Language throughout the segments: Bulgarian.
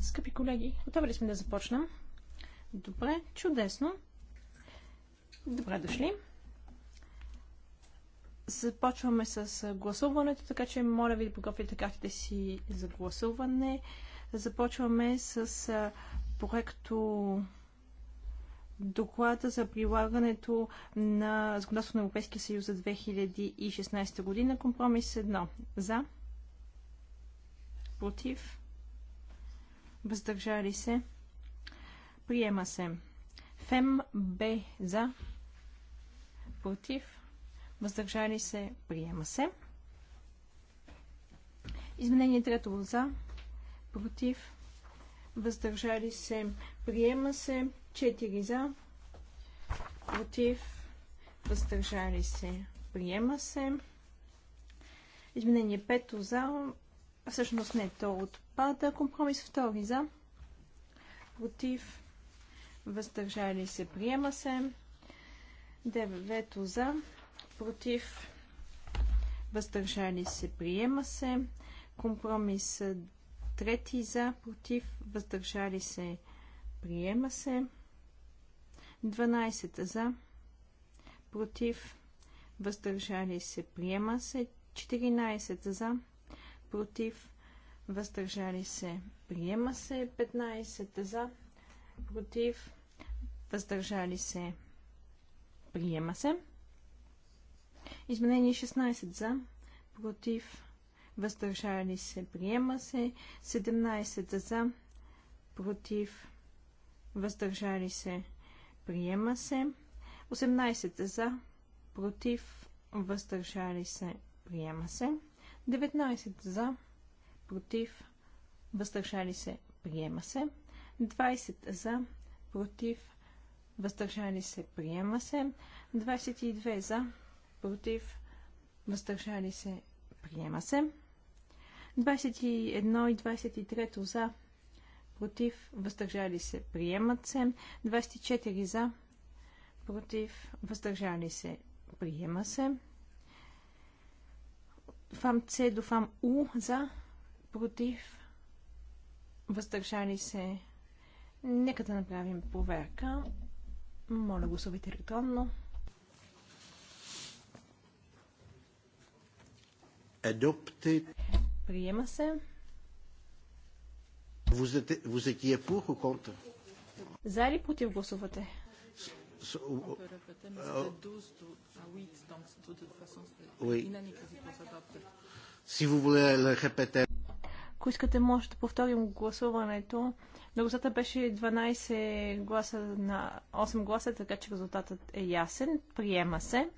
Скъпи колеги, готови ли сме да започнем? Добре, чудесно. Добре дошли. Започваме с гласуването, така че моля ви да подготвите картите си за гласуване. Започваме с проекто доклада за прилагането на законодателството на Европейския съюз за 2016 година. Компромис 1. За против, въздържали се, приема се. Фем Б за, против, въздържали се, приема се. Изменение трето за, против, въздържали се, приема се, 4 за, против, въздържали се, приема се. Изменение 5 за, Всъщност не, то отпада. Компромис втори за. Против. Въздържали се. Приема се. Девето за. Против. Въздържали се. Приема се. Компромис трети за. Против. Въздържали се. Приема се. 12 за. Против. Въздържали се. Приема се. 14 за против, въздържали се, приема се. 15 за, против, въздържали се, приема се. Изменение 16 за, против, въздържали се, приема се. 17 за, против, въздържали се, приема се. 18 за, против, въздържали се, приема се. 19 за, против, въздържали се, приема се. 20 за, против, въздържали се, приема се. 22 за, против, въздържали се, приема се. 21 и 23 за, против, въздържали се, приемат се. 24 за, против, въздържали се, приема се. Фам С до фам У за, против, въздържали се. Нека да направим проверка. Моля, гласувайте електронно. Adopted. Приема се. Vous êtes pour ou contre? За или против гласувате? On Si vous voulez le répéter. Ако искате, може да повторим гласуването. гласата беше 12 гласа на 8 гласа, така че резултатът е ясен. Приема се.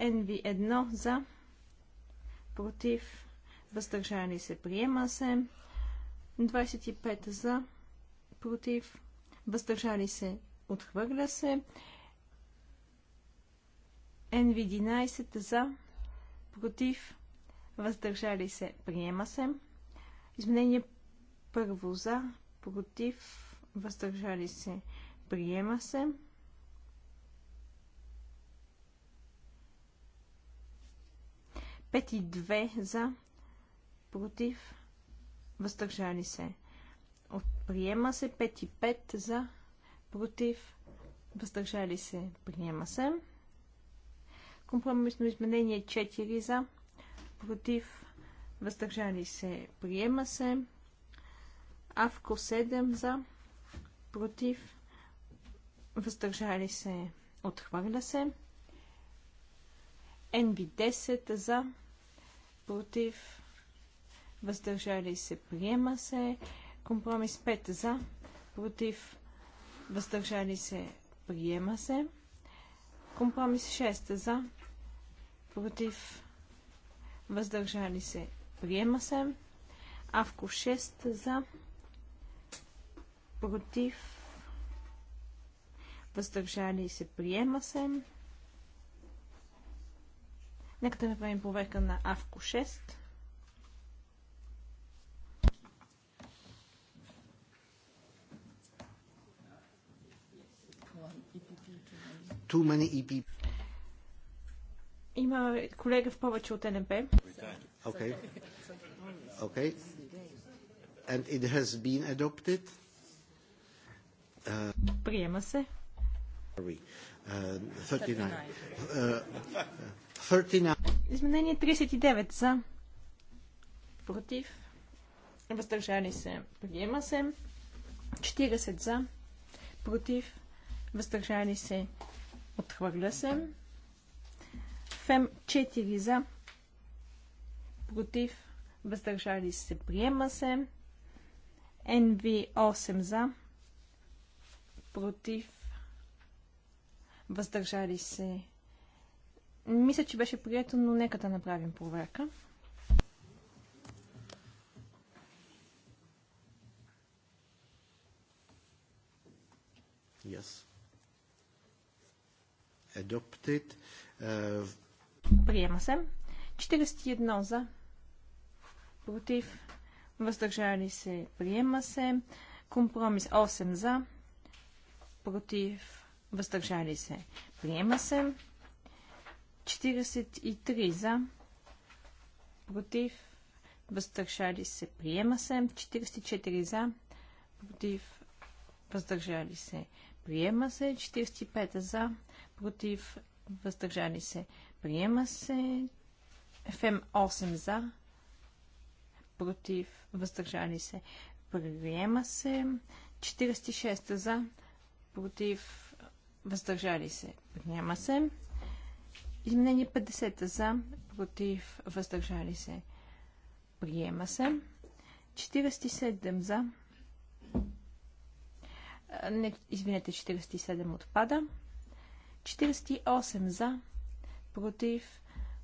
NV1 за, против, въздържали се, приема се. 25 за, против, въздържали се, Отхвърля се. NV11 за. Против. Въздържали се. Приема се. Изменение първо за. Против. Въздържали се. Приема се. Пет и две за. Против. Въздържали се. приема се Пет и 5 за против, въздържали се, приема се. Компромисно изменение 4 за, против, въздържали се, приема се. Авко 7 за, против, въздържали се, отхвърля се. НВ 10 за, против, въздържали се, приема се. Компромис 5 за, против, въздържали се, приема се. Компромис 6 за, против, въздържали се, приема се. Авко 6 за, против, въздържали се, приема се. Нека да направим проверка на Авко 6. too many EP. Има колега в повече от НП. Okay. Okay. And it has been adopted. Uh, Приема се. Uh, 39. Uh, 39. Uh, Изменение 39 за. Против. Въздържали се. Приема се. 40 за. Против. Въздържали се. Отхвърля се. Фем 4 за. Против. Въздържали се. Приема се. НВ 8 за. Против. Въздържали се. Мисля, че беше прието, но нека да направим проверка. Yes adopted. Uh, Приема се. 41 за. Против. Въздържали се. Приема се. Компромис 8 за. Против. Въздържали се. Приема се. 43 за. Против. Въздържали се. Приема се. 44 за. Против. Въздържали се. Приема се. 45 за против, въздържали се, приема се. ФМ 8 за, против, въздържали се, приема се. 46 за, против, въздържали се, приема се. Изменение 50 за, против, въздържали се, приема се. 47 за, не, извинете, 47 отпада. 48 за, против,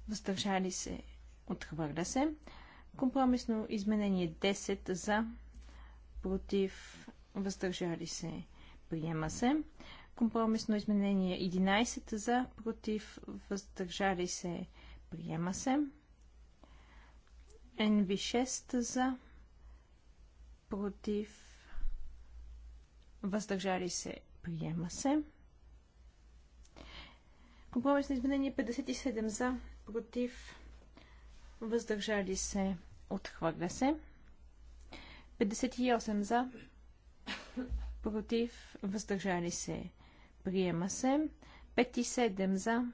въздържали се, отхвърля се. Компромисно изменение 10 за, против, въздържали се, приема се. Компромисно изменение 11 за, против, въздържали се, приема се. NV6 за, против, въздържали се, приема се. Компромисно изменение 57 за, против, въздържали се, отхвърля се. 58 за, против, въздържали се, приема се. 57 за.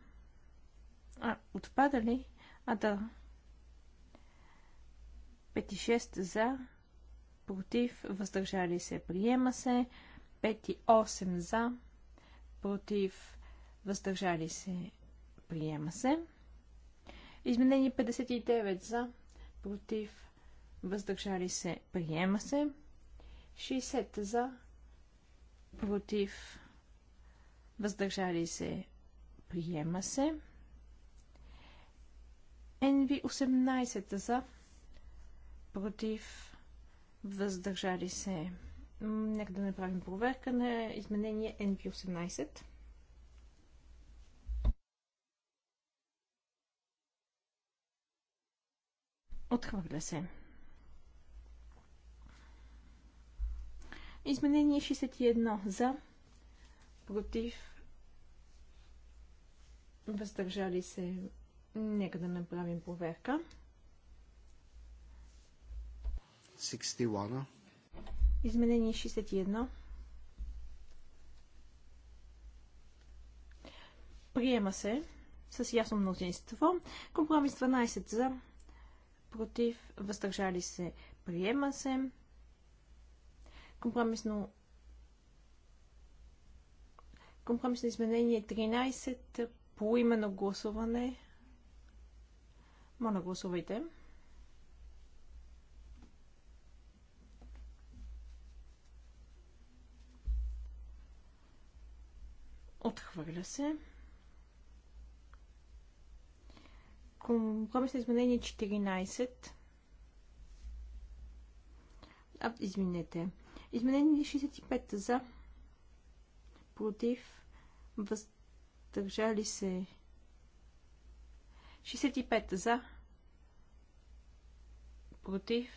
А, отпада ли? А, да. 56 за, против, въздържали се, приема се. 58 за, против, въздържали се, приема се. Изменение 59 за, против, въздържали се, приема се. 60 за, против, въздържали се, приема се. НВ 18 за, против, въздържали се. Нека да направим проверка на изменение NV 18. Отхвърля се. Изменение 61 за, против, въздържали се. Нека да направим проверка. 61. Изменение 61. Приема се с ясно мнозинство. Компромис 12 за, против, въздържали се, приема се. Компромисно Компромисно изменение 13 по именно гласуване. Моля, гласувайте. Отхвърля се. Компромисно изменение 14. А, извинете. Изменение 65 за. Против. Въздържали се. 65 за. Против.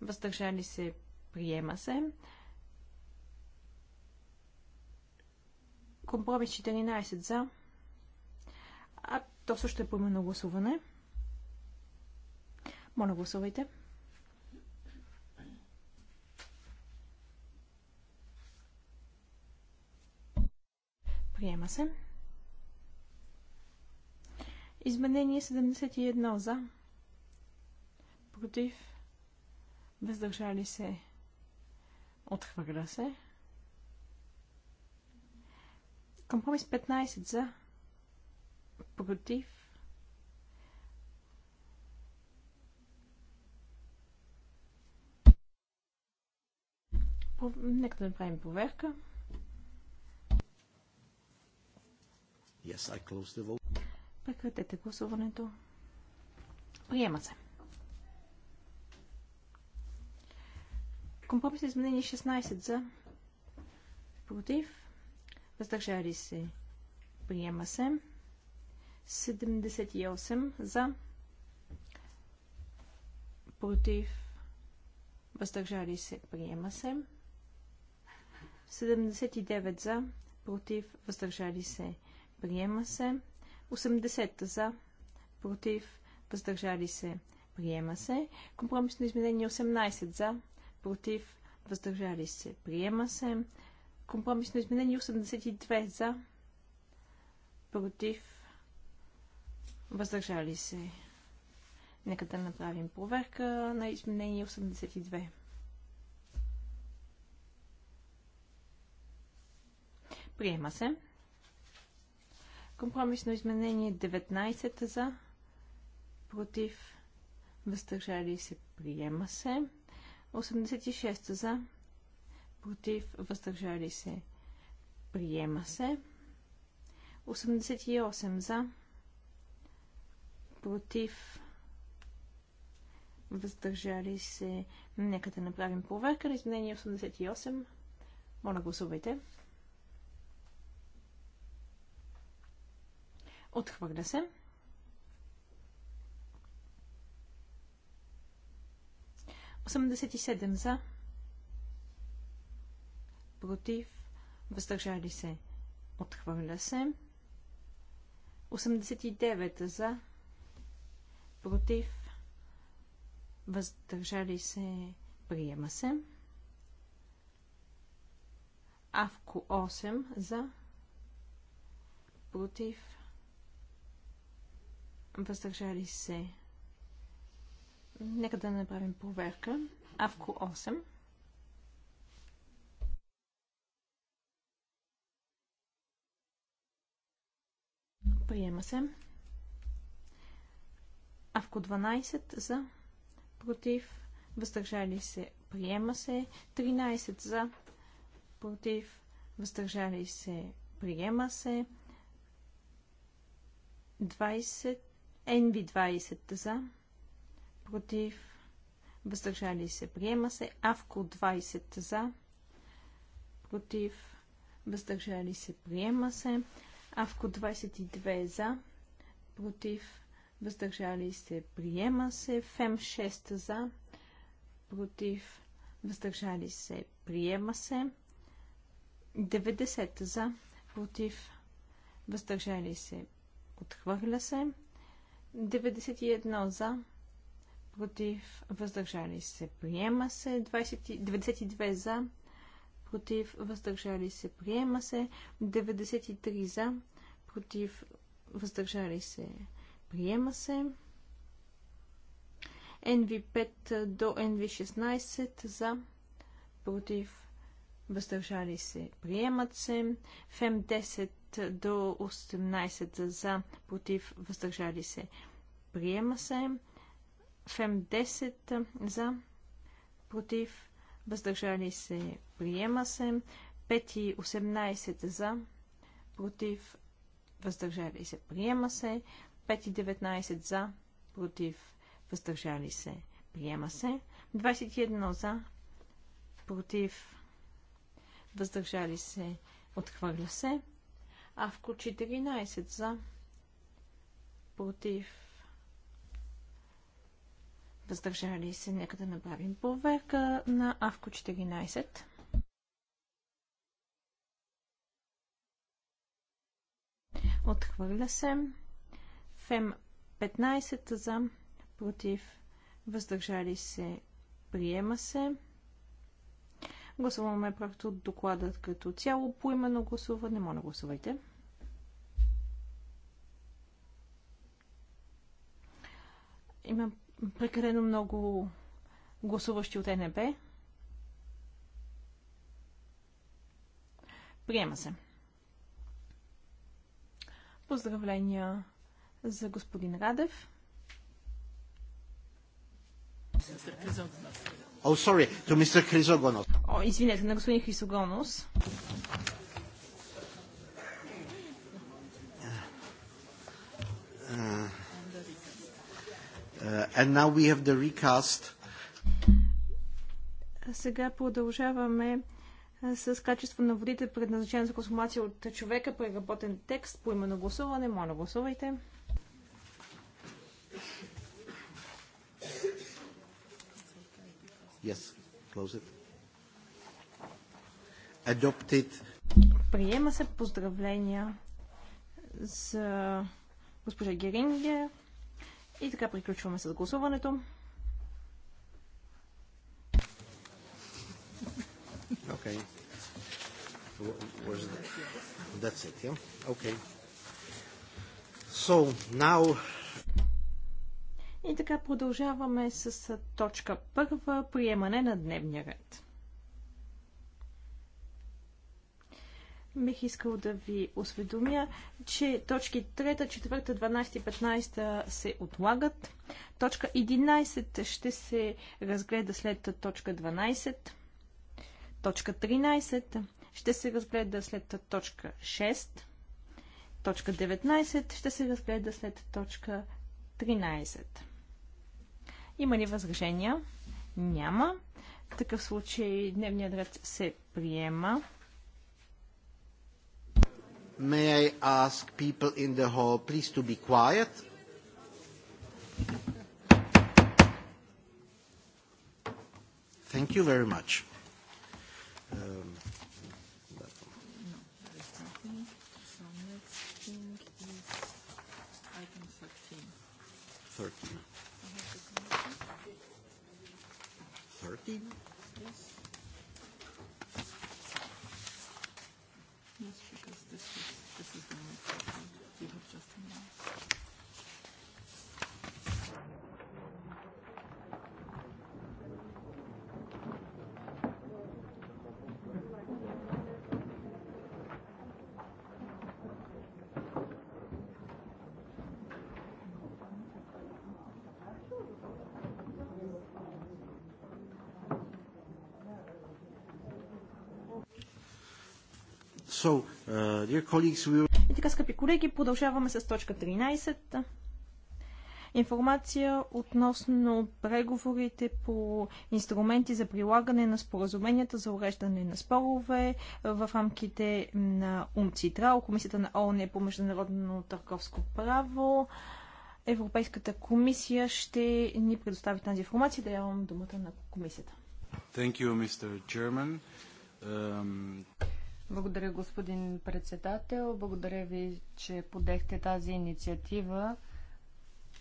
Въздържали се. Приема се. Компромис 14 за. А, то също е поименно гласуване. Моля, гласувайте. Приема се. Изменение 71 за. Против. Въздържали се. Отхвърля се. Компромис 15 за Против. Нека да направим проверка. Прекратете гласуването. Приема се. Компромисно изменение 16 за. Против. Въздържали се. Приема се. 78 за, против, въздържали се, приема се. 79 за, против, въздържали се, приема се. 80 за, против, въздържали се, приема се. Компромисно изменение 18 за, против, въздържали се, приема се. Компромисно изменение 82 за, против, Въздържали се. Нека да направим проверка на изменение 82. Приема се. Компромисно изменение 19 за, против, въздържали се, приема се. 86 за, против, въздържали се, приема се. 88 за, против, въздържали се. Нека да направим проверка на изменение 88. Моля, гласувайте. Отхвърля се. Осемдесет и седем за. Против. Въздържали се. Отхвърля се. 89 за против, въздържали се, приема се. Авко 8 за, против, въздържали се. Нека да направим проверка. Авко 8. Приема се. Авко 12 за, против, въздържали се, приема се. 13 за, против, въздържали се, приема се. 20, NV20 за, против, въздържали се, приема се. Авко 20 за, против, въздържали се, приема се. Авко 22 за, против, въздържали се, приема се. Фем 6 за, против, въздържали се, приема се. 90 за, против, въздържали се, отхвърля се. 91 за, против, въздържали се, приема се. 20, 92 за, против, въздържали се, приема се. 93 за, против, въздържали се, Приема се. NV5 до NV16 за против въздържали се, приемат се. ФЕМ 10 до 18 за, против, въздържали се, приема се. ФЕМ 10 за, против, въздържали се, приема се. 5 и 18 за, против, въздържали се, приема се. 5,19 за, против, въздържали се, приема се. 21 за, против, въздържали се, отхвърля се. Авко 14 за, против, въздържали се. Нека да направим проверка на Авко 14. Отхвърля се. Фем 15 за, против, въздържали се, приема се. Гласуваме проекто докладът като цяло по именно гласуване. Моля, гласувайте. Има прекалено много гласуващи от НБ. Приема се. Поздравления за господин Радев. О, Oh, sorry, to Mr. Chrysogonos. О, извинете, на господин Хрисогонос. Uh, uh, and now we have the recast. Сега продължаваме с качество на водите, предназначен за консумация от човека, преработен текст, по именно гласуване. Моля, гласувайте. Yes, close it. Adopted. Приема се поздравления за госпожа Герингер. И така приключваме с гласуването. Okay. Where's that? That's it, yeah? Okay. So now и така продължаваме с точка първа приемане на дневния ред. бих искал да ви осведомя, че точки 3, 4, 12 и 15 се отлагат. Точка 11 ще се разгледа след точка 12. Точка 13 ще се разгледа след точка 6. Точка 19 ще се разгледа след точка 13. Има ли възражения? Няма. В такъв случай дневният ред се приема. May I ask people in the hall please to be quiet? Thank you very much. Um, Thirteen. 13? Yes. Yes, because this is, this is the only problem. You have just announced. So, uh, dear colleagues, we... И така, скъпи колеги, продължаваме с точка 13. Информация относно преговорите по инструменти за прилагане на споразуменията за уреждане на спорове в рамките на УМЦИТРАЛ, Комисията на ООН е по международно търговско право. Европейската комисия ще ни предостави тази информация. Да давам думата на комисията. Thank you, Mr. Um... Благодаря, господин председател. Благодаря ви, че подехте тази инициатива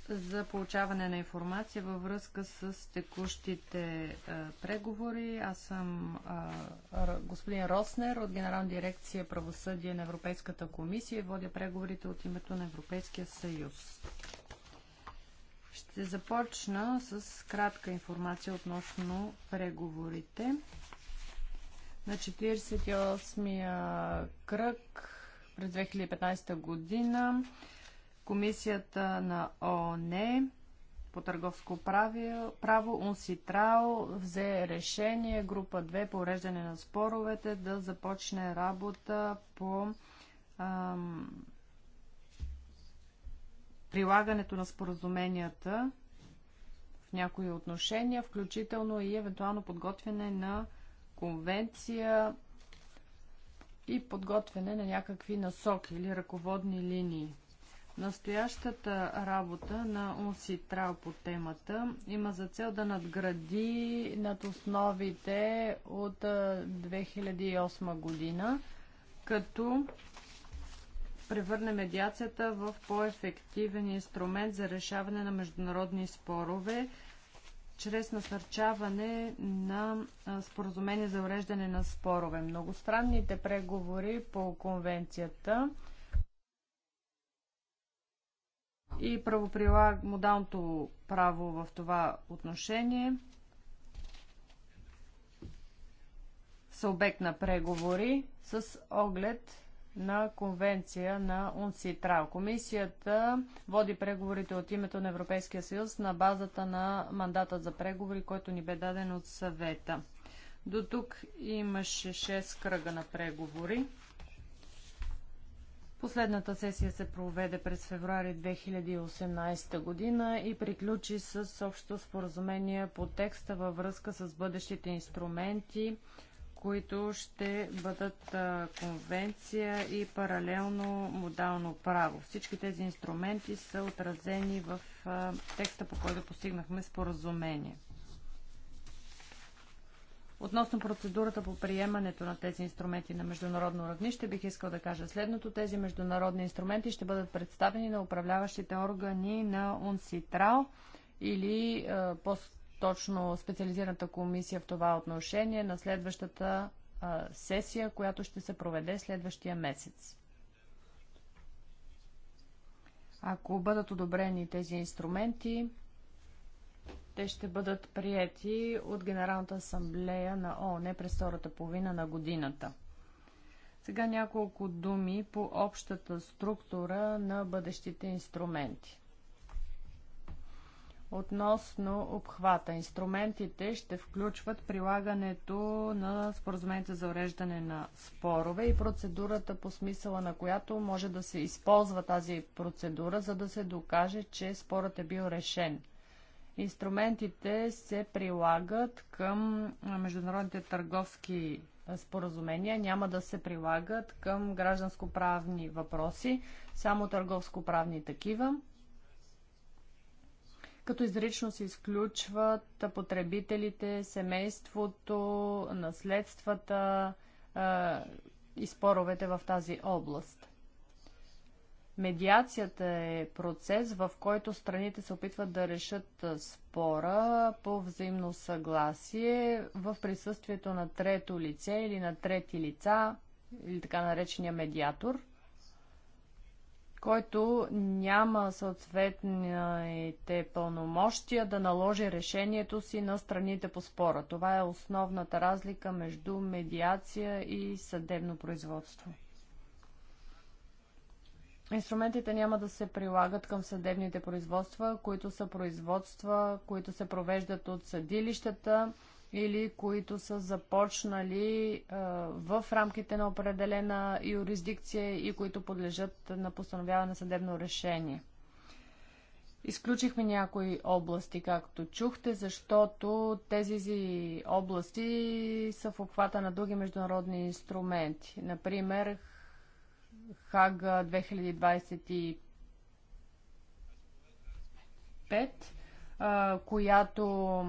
за получаване на информация във връзка с текущите а, е, преговори. Аз съм а, е, господин Роснер от Генерална дирекция правосъдие на Европейската комисия и водя преговорите от името на Европейския съюз. Ще започна с кратка информация относно преговорите на 48-я кръг през 2015 година Комисията на ООН по търговско право, право УНСИТРАО взе решение група 2 по уреждане на споровете да започне работа по ам, прилагането на споразуменията в някои отношения, включително и евентуално подготвяне на конвенция и подготвяне на някакви насоки или ръководни линии. Настоящата работа на Трал по темата има за цел да надгради над основите от 2008 година, като превърне медиацията в по-ефективен инструмент за решаване на международни спорове чрез насърчаване на споразумение за уреждане на спорове. Многостранните преговори по конвенцията и правоприлаг... модалното право в това отношение са обект на преговори с оглед на конвенция на УНСИТРАЛ. Комисията води преговорите от името на Европейския съюз на базата на мандата за преговори, който ни бе даден от съвета. До тук имаше 6 кръга на преговори. Последната сесия се проведе през февруари 2018 година и приключи с общо споразумение по текста във връзка с бъдещите инструменти които ще бъдат конвенция и паралелно модално право. Всички тези инструменти са отразени в текста, по който постигнахме споразумение. Относно процедурата по приемането на тези инструменти на международно равнище, бих искал да кажа следното. Тези международни инструменти ще бъдат представени на управляващите органи на УНСИТРАЛ или по точно специализираната комисия в това отношение на следващата а, сесия, която ще се проведе следващия месец. Ако бъдат одобрени тези инструменти, те ще бъдат приети от Генералната асамблея на ООН през втората половина на годината. Сега няколко думи по общата структура на бъдещите инструменти. Относно обхвата, инструментите ще включват прилагането на споразумението за уреждане на спорове и процедурата по смисъла на която може да се използва тази процедура, за да се докаже, че спорът е бил решен. Инструментите се прилагат към международните търговски споразумения, няма да се прилагат към гражданско-правни въпроси, само търговско-правни такива като изрично се изключват потребителите, семейството, наследствата е, и споровете в тази област. Медиацията е процес, в който страните се опитват да решат спора по взаимно съгласие в присъствието на трето лице или на трети лица, или така наречения медиатор – който няма съответните пълномощия да наложи решението си на страните по спора. Това е основната разлика между медиация и съдебно производство. Инструментите няма да се прилагат към съдебните производства, които са производства, които се провеждат от съдилищата или които са започнали в рамките на определена юрисдикция и които подлежат на постановяване на съдебно решение. Изключихме някои области, както чухте, защото тези области са в обхвата на други международни инструменти. Например, Хага 2025, която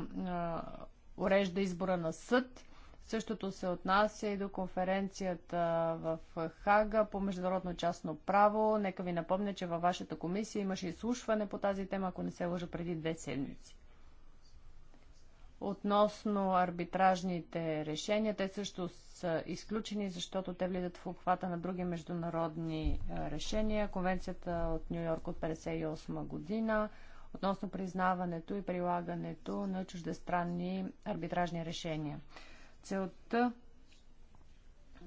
урежда избора на съд. Същото се отнася и до конференцията в Хага по международно частно право. Нека ви напомня, че във вашата комисия имаше изслушване по тази тема, ако не се лъжа, преди две седмици. Относно арбитражните решения, те също са изключени, защото те влизат в обхвата на други международни решения. Конвенцията от Нью Йорк от 1958 година относно признаването и прилагането на чуждестранни арбитражни решения. Целта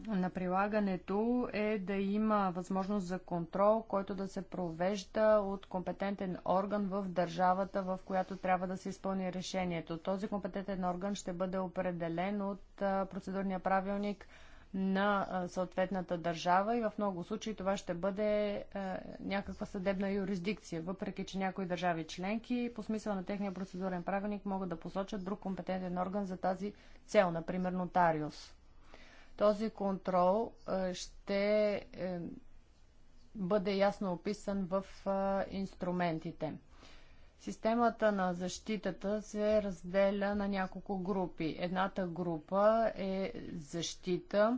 на прилагането е да има възможност за контрол, който да се провежда от компетентен орган в държавата, в която трябва да се изпълни решението. Този компетентен орган ще бъде определен от процедурния правилник на съответната държава и в много случаи това ще бъде някаква съдебна юрисдикция, въпреки че някои държави членки по смисъл на техния процедурен правилник могат да посочат друг компетентен орган за тази цел, например нотариус. Този контрол ще е, бъде ясно описан в инструментите. Системата на защитата се разделя на няколко групи. Едната група е защита,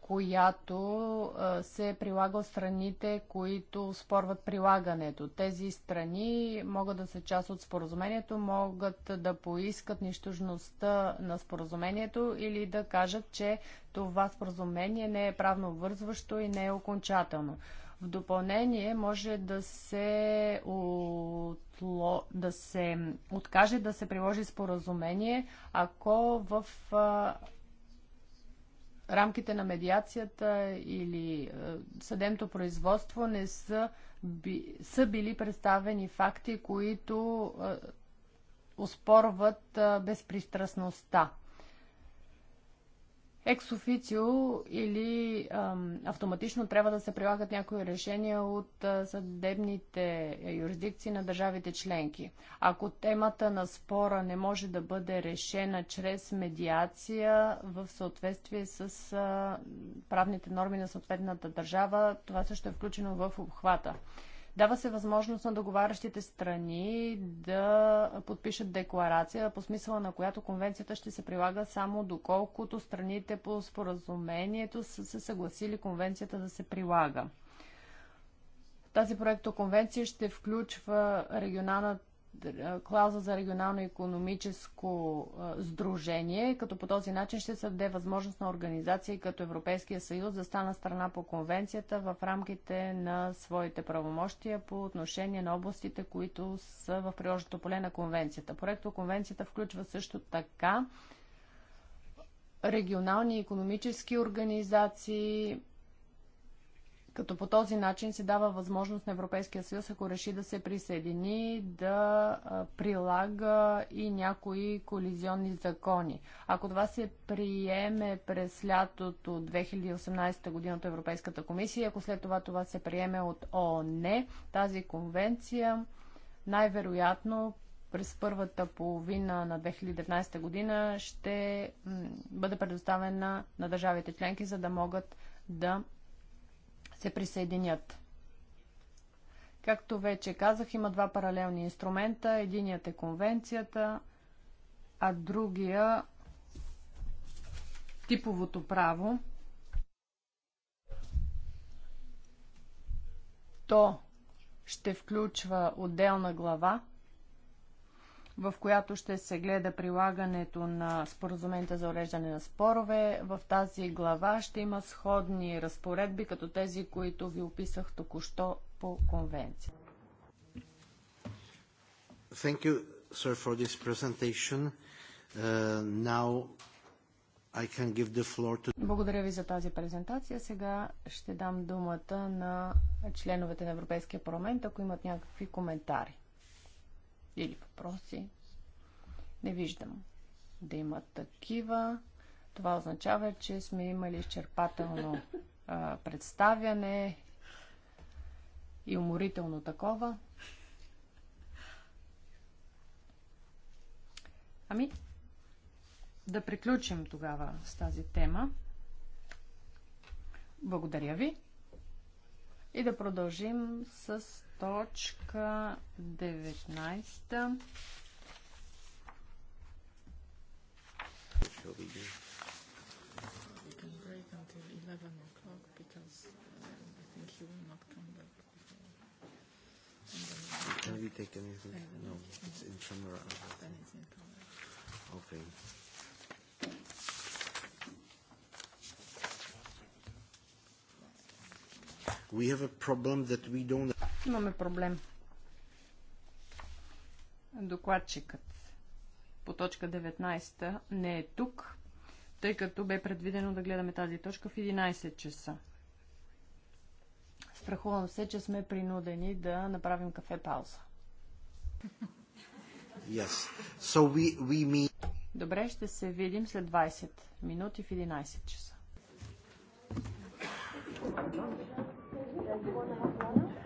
която се прилага от страните, които спорват прилагането. Тези страни могат да са част от споразумението, могат да поискат нищожността на споразумението или да кажат, че това споразумение не е правно вързващо и не е окончателно. В допълнение може да се, отло, да се откаже да се приложи споразумение, ако в а, рамките на медиацията или а, съдемто производство не са, би, са били представени факти, които а, оспорват безпристрастността. Екс официо или ам, автоматично трябва да се прилагат някои решения от а, съдебните юрисдикции на държавите членки. Ако темата на спора не може да бъде решена чрез медиация в съответствие с а, правните норми на съответната държава, това също е включено в обхвата. Дава се възможност на договарящите страни да подпишат декларация, по смисъла на която конвенцията ще се прилага само доколкото страните по споразумението са се съгласили конвенцията да се прилага. Тази конвенция ще включва регионалната клауза за регионално економическо сдружение, като по този начин ще се даде възможност на организации като Европейския съюз да стана страна по конвенцията в рамките на своите правомощия по отношение на областите, които са в приложното поле на конвенцията. Проекто конвенцията включва също така регионални економически организации, като по този начин се дава възможност на Европейския съюз, ако реши да се присъедини, да прилага и някои колизионни закони. Ако това се приеме през лятото 2018 година от Европейската комисия, ако след това това се приеме от ООН, тази конвенция най-вероятно през първата половина на 2019 година ще бъде предоставена на държавите членки, за да могат да се присъединят. Както вече казах, има два паралелни инструмента. Единият е конвенцията, а другия типовото право. То ще включва отделна глава, в която ще се гледа прилагането на споразумента за уреждане на спорове. В тази глава ще има сходни разпоредби, като тези, които ви описах току-що по конвенция. Thank you, sir, for this presentation. Uh, now I can give the floor to... Благодаря ви за тази презентация. Сега ще дам думата на членовете на Европейския парламент, ако имат някакви коментари или въпроси? Не виждам да има такива. Това означава, че сме имали изчерпателно а, представяне и уморително такова. Ами, да приключим тогава с тази тема. Благодаря ви. И да продължим с точка 19. Can we take anything? No, it's in camera. Okay. We have a problem that we don't Имаме проблем. Докладчикът по точка 19 не е тук, тъй като бе предвидено да гледаме тази точка в 11 часа. Страхувам се, че сме принудени да направим кафе пауза. Yes. So we, we meet... Добре, ще се видим след 20 минути в 11 часа.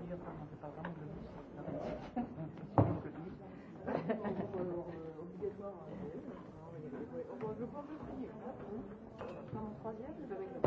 serio como que pagamos los Obligatoire. On ne peut pas le signer. troisième,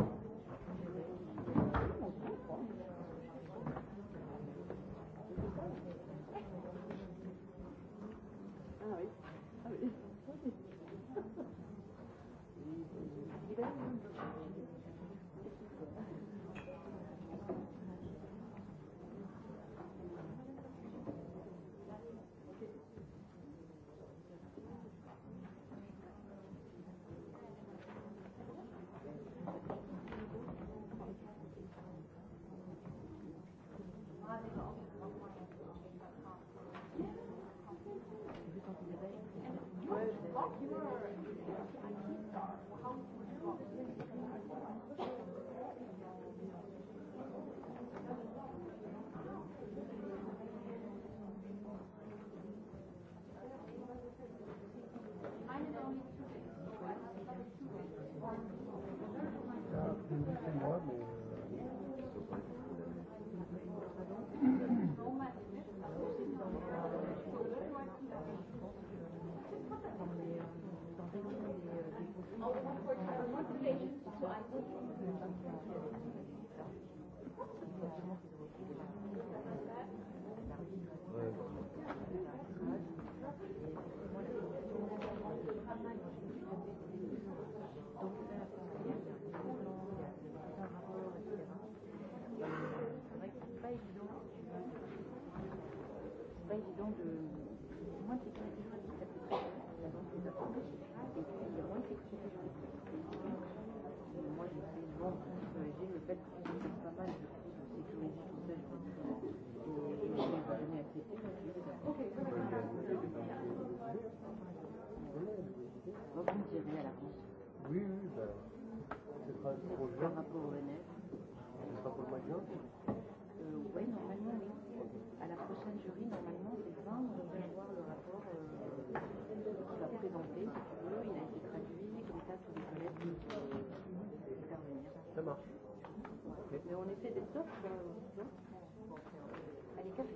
Ça marche. Mais on essaie d'être soft. Allez, café.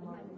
Well,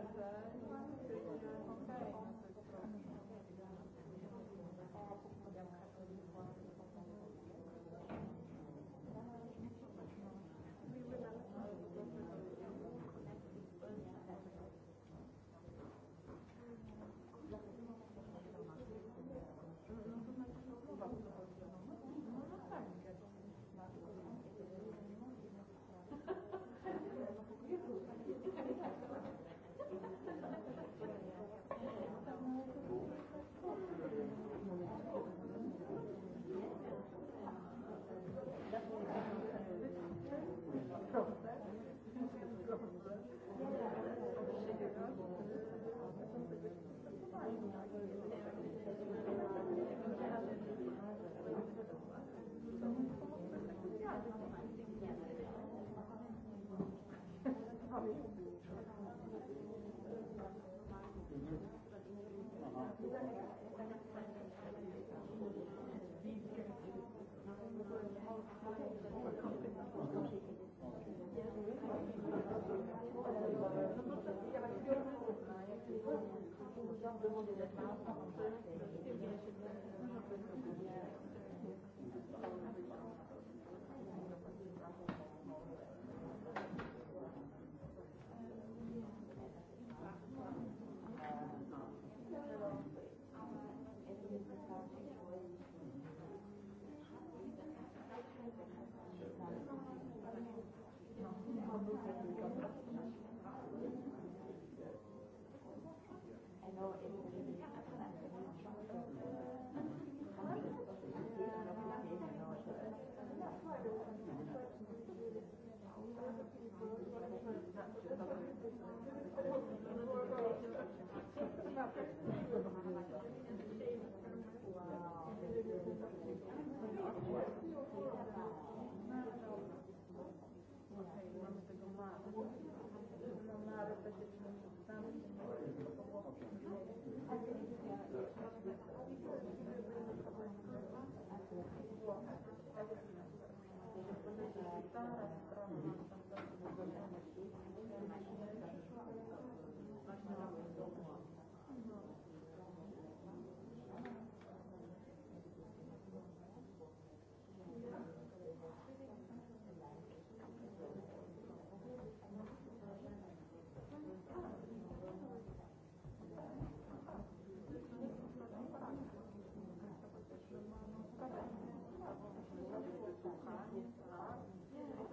Salazar.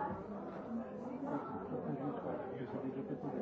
Thank you.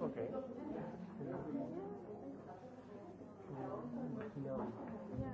Okay. No.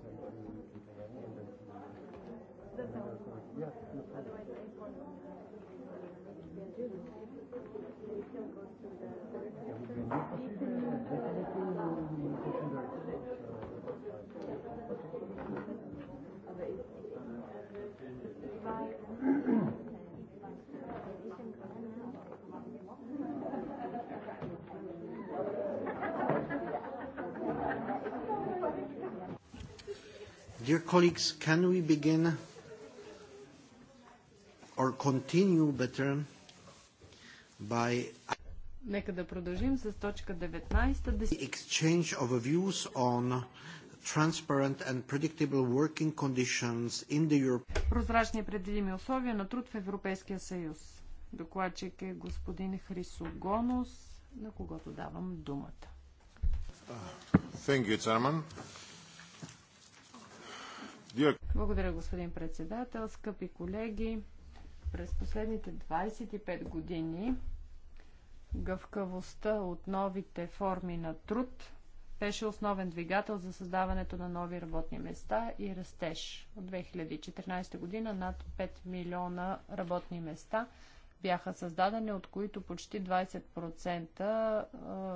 Otherwise, Dear colleagues, can we begin? or continue better by Нека да продължим с точка 19. Exchange of views on transparent and predictable working conditions in the Europe. Прозрачни и предвидими условия на труд в Европейския съюз. Докладчик е господин Хрисогонос, на когото давам думата. Thank you, chairman. Благодаря, господин председател, скъпи колеги. През последните 25 години гъвкавостта от новите форми на труд беше основен двигател за създаването на нови работни места и растеж. От 2014 година над 5 милиона работни места бяха създадени, от които почти 20%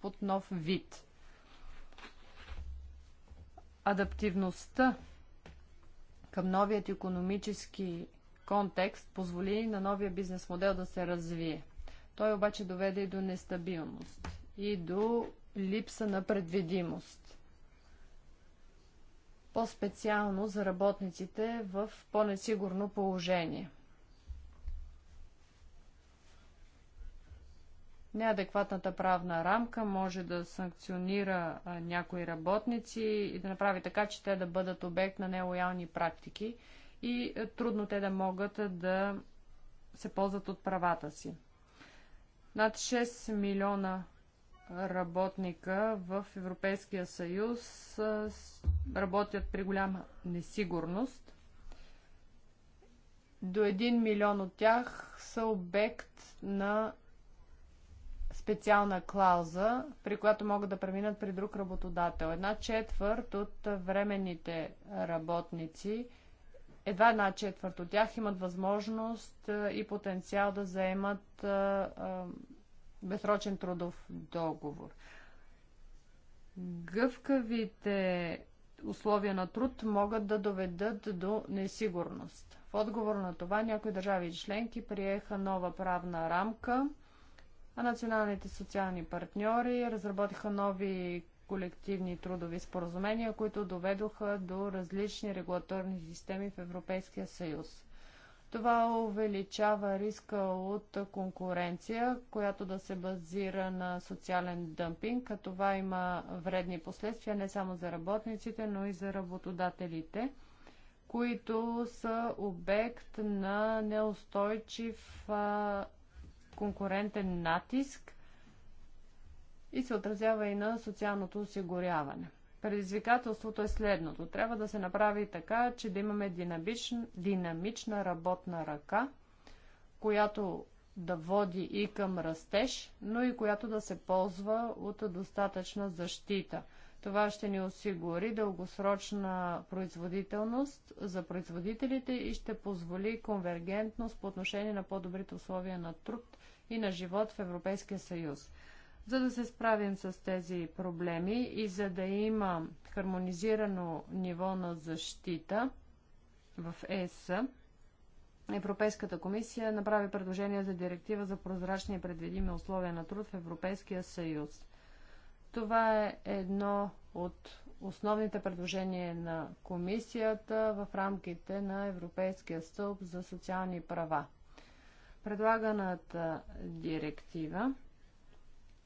под нов вид. Адаптивността към новият економически контекст позволи на новия бизнес модел да се развие. Той обаче доведе и до нестабилност и до липса на предвидимост. По-специално за работниците в по-несигурно положение. неадекватната правна рамка може да санкционира някои работници и да направи така, че те да бъдат обект на нелоялни практики и е, трудно те да могат е, да се ползват от правата си. Над 6 милиона работника в Европейския съюз е, работят при голяма несигурност. До 1 милион от тях са обект на специална клауза, при която могат да преминат при друг работодател. Една четвърт от временните работници – едва една четвърт от тях имат възможност е, и потенциал да заемат е, е, безсрочен трудов договор. Гъвкавите условия на труд могат да доведат до несигурност. В отговор на това някои държави и членки приеха нова правна рамка, а националните социални партньори разработиха нови колективни трудови споразумения, които доведоха до различни регулаторни системи в Европейския съюз. Това увеличава риска от конкуренция, която да се базира на социален дъмпинг, а това има вредни последствия не само за работниците, но и за работодателите, които са обект на неустойчив конкурентен натиск и се отразява и на социалното осигуряване. Предизвикателството е следното. Трябва да се направи така, че да имаме динамична, динамична работна ръка, която да води и към растеж, но и която да се ползва от достатъчна защита. Това ще ни осигури дългосрочна производителност за производителите и ще позволи конвергентност по отношение на по-добрите условия на труд и на живот в Европейския съюз. За да се справим с тези проблеми и за да има хармонизирано ниво на защита в ЕС, Европейската комисия направи предложение за директива за прозрачни и предвидими условия на труд в Европейския съюз. Това е едно от основните предложения на комисията в рамките на Европейския стълб за социални права. Предлаганата директива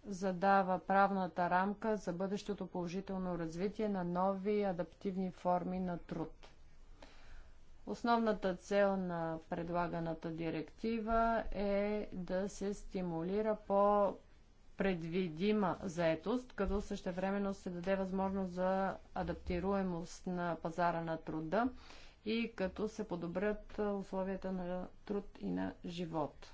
задава правната рамка за бъдещото положително развитие на нови адаптивни форми на труд. Основната цел на предлаганата директива е да се стимулира по предвидима заетост, като същевременно се даде възможност за адаптируемост на пазара на труда и като се подобрят условията на труд и на живот.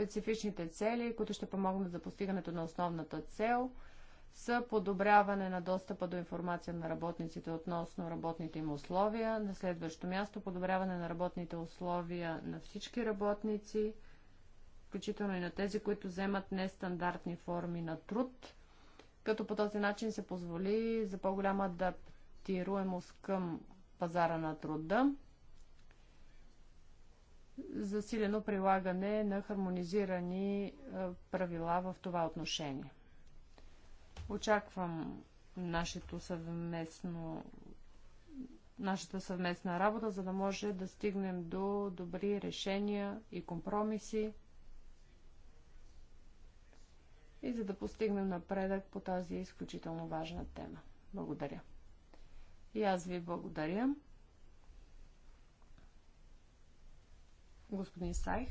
специфичните цели, които ще помогнат за постигането на основната цел, са подобряване на достъпа до информация на работниците относно работните им условия. На следващо място подобряване на работните условия на всички работници, включително и на тези, които вземат нестандартни форми на труд, като по този начин се позволи за по-голяма адаптируемост към пазара на труда засилено прилагане на хармонизирани е, правила в това отношение. Очаквам нашето съвместно нашата съвместна работа, за да може да стигнем до добри решения и компромиси и за да постигнем напредък по тази изключително важна тема. Благодаря. И аз ви благодаря. Господин Сайх.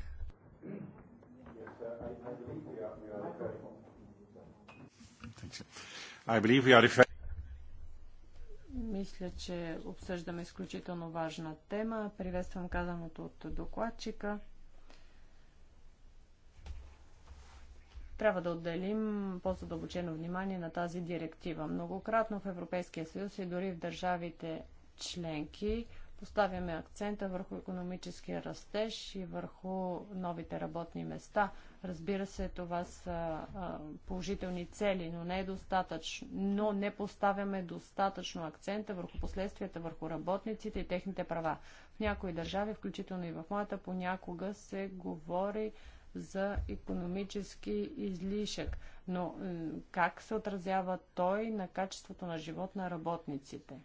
Мисля, че обсъждаме изключително важна тема. Приветствам казаното от докладчика. трябва да отделим по-задълбочено внимание на тази директива. Многократно в Европейския съюз и дори в държавите членки Поставяме акцента върху економическия растеж и върху новите работни места. Разбира се, това са положителни цели, но не е достатъчно. Но не поставяме достатъчно акцента върху последствията върху работниците и техните права. В някои държави, включително и в моята, понякога се говори за економически излишък. Но как се отразява той на качеството на живот на работниците?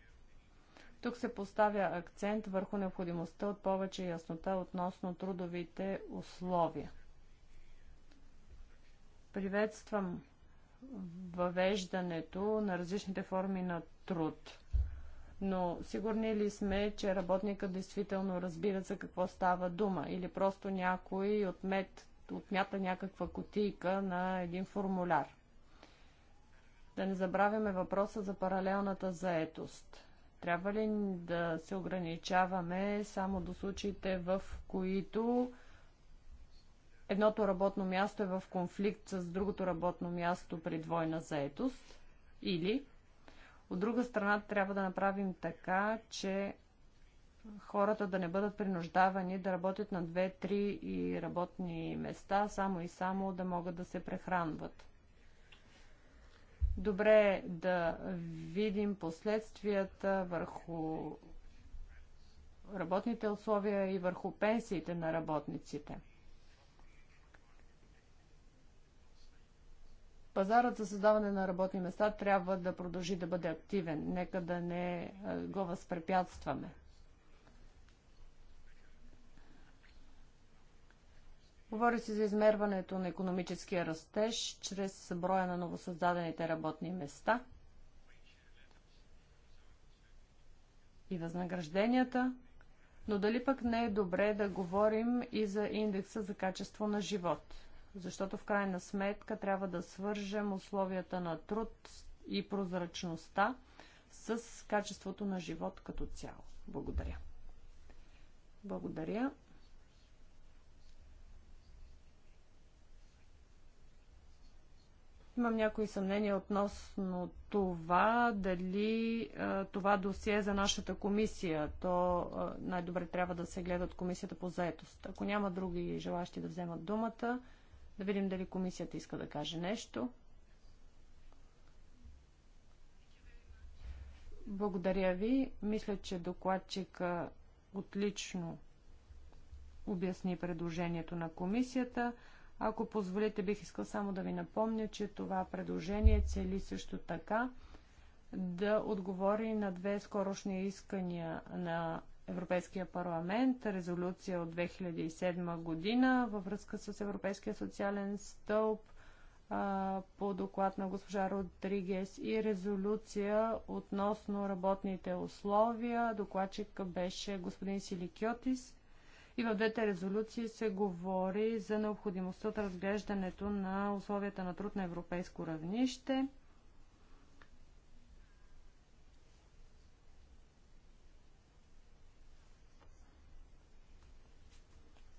Тук се поставя акцент върху необходимостта от повече яснота относно трудовите условия. Приветствам въвеждането на различните форми на труд. Но сигурни ли сме, че работникът действително разбира за какво става дума? Или просто някой отмет, отмята някаква котийка на един формуляр? Да не забравяме въпроса за паралелната заетост. Трябва ли да се ограничаваме само до случаите, в които едното работно място е в конфликт с другото работно място при двойна заетост? Или, от друга страна, трябва да направим така, че хората да не бъдат принуждавани да работят на две-три работни места, само и само да могат да се прехранват. Добре е да видим последствията върху работните условия и върху пенсиите на работниците. Пазарът за създаване на работни места трябва да продължи да бъде активен. Нека да не го възпрепятстваме. Говори се за измерването на економическия растеж чрез броя на новосъздадените работни места и възнагражденията, но дали пък не е добре да говорим и за индекса за качество на живот? Защото в крайна сметка трябва да свържем условията на труд и прозрачността с качеството на живот като цяло. Благодаря. Благодаря. Имам някои съмнения относно това дали а, това досие е за нашата комисия. То най-добре трябва да се гледа от комисията по заетост. Ако няма други желащи да вземат думата, да видим дали комисията иска да каже нещо. Благодаря ви. Мисля, че докладчика отлично обясни предложението на комисията. Ако позволите, бих искал само да ви напомня, че това предложение цели също така да отговори на две скорошни искания на Европейския парламент, резолюция от 2007 година във връзка с Европейския социален стълб по доклад на госпожа Родригес и резолюция относно работните условия. Докладчик беше господин Силикиотис. И в двете резолюции се говори за необходимостта от разглеждането на условията на труд на европейско равнище.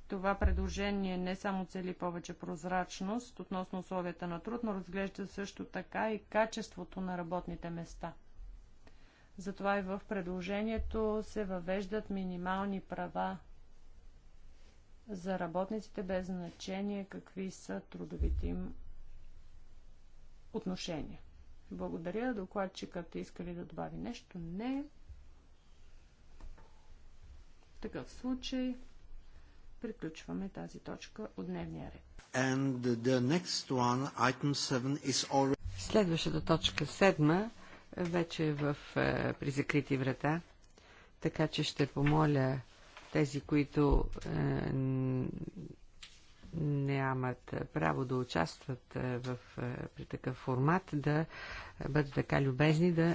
това предложение не само цели повече прозрачност относно условията на труд, но разглежда също така и качеството на работните места. Затова и в предложението се въвеждат минимални права за работниците без значение какви са трудовите им отношения. Благодаря. Докладчикът иска ли да добави нещо? Не. В такъв случай приключваме тази точка от дневния ред. And the next one, item 7, is already... Следващата точка 7 вече е в, е, при закрити врата, така че ще помоля тези, които е, нямат право да участват е, в, е, при такъв формат, да бъдат така любезни да